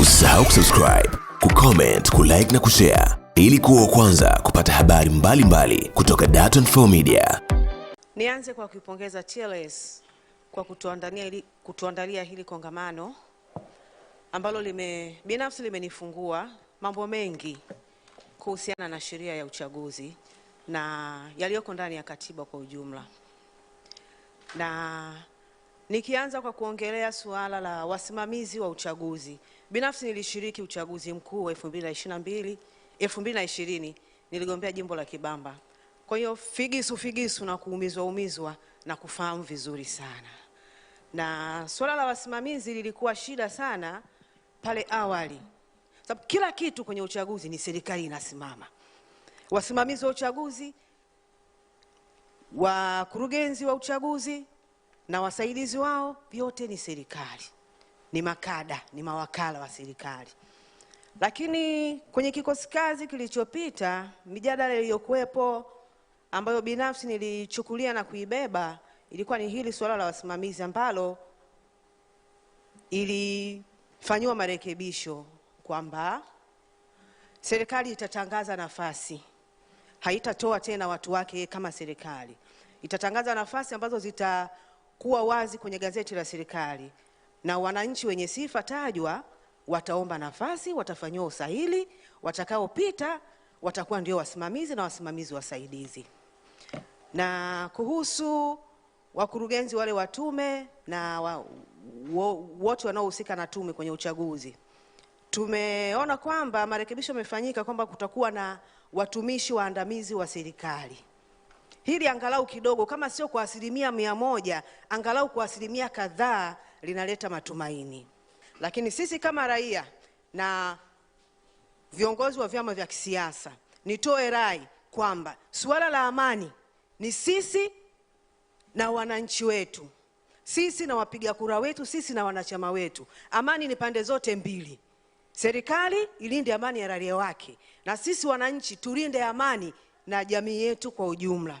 Usisahau kusubscribe, kucomment, kulike na kushare ili kuwa kwanza kupata habari mbalimbali mbali kutoka Dar24 Media. Nianze kwa kuipongeza TLS kwa kutuandalia hili, kutuandalia hili kongamano ambalo lime binafsi limenifungua mambo mengi kuhusiana na sheria ya uchaguzi na yaliyoko ndani ya katiba kwa ujumla na Nikianza kwa kuongelea suala la wasimamizi wa uchaguzi, binafsi nilishiriki uchaguzi mkuu wa 2022 2020, niligombea jimbo la Kibamba. Kwa hiyo figisu figisu na kuumizwa umizwa na kufahamu vizuri sana, na suala la wasimamizi lilikuwa shida sana pale awali, sababu kila kitu kwenye uchaguzi ni serikali inasimama, wasimamizi wa uchaguzi, wakurugenzi wa uchaguzi na wasaidizi wao vyote ni serikali, ni makada, ni mawakala wa serikali. Lakini kwenye kikosi kazi kilichopita, mijadala iliyokuwepo ambayo binafsi nilichukulia na kuibeba ilikuwa ni hili suala la wasimamizi ambalo ilifanyiwa marekebisho kwamba serikali itatangaza nafasi, haitatoa tena watu wake kama serikali, itatangaza nafasi ambazo zita kuwa wazi kwenye gazeti la serikali, na wananchi wenye sifa tajwa wataomba nafasi, watafanyiwa usahili, watakaopita watakuwa ndio wasimamizi na wasimamizi wasaidizi. Na kuhusu wakurugenzi wale wa tume na wa, wote wanaohusika na tume kwenye uchaguzi, tumeona kwamba marekebisho yamefanyika kwamba kutakuwa na watumishi waandamizi wa serikali hili angalau kidogo, kama sio kwa asilimia mia moja, angalau kwa asilimia kadhaa linaleta matumaini. Lakini sisi kama raia na viongozi wa vyama vya kisiasa, nitoe rai kwamba suala la amani ni sisi na wananchi wetu, sisi na wapiga kura wetu, sisi na wanachama wetu. Amani ni pande zote mbili. Serikali ilinde amani ya raia wake, na sisi wananchi tulinde amani na jamii yetu kwa ujumla.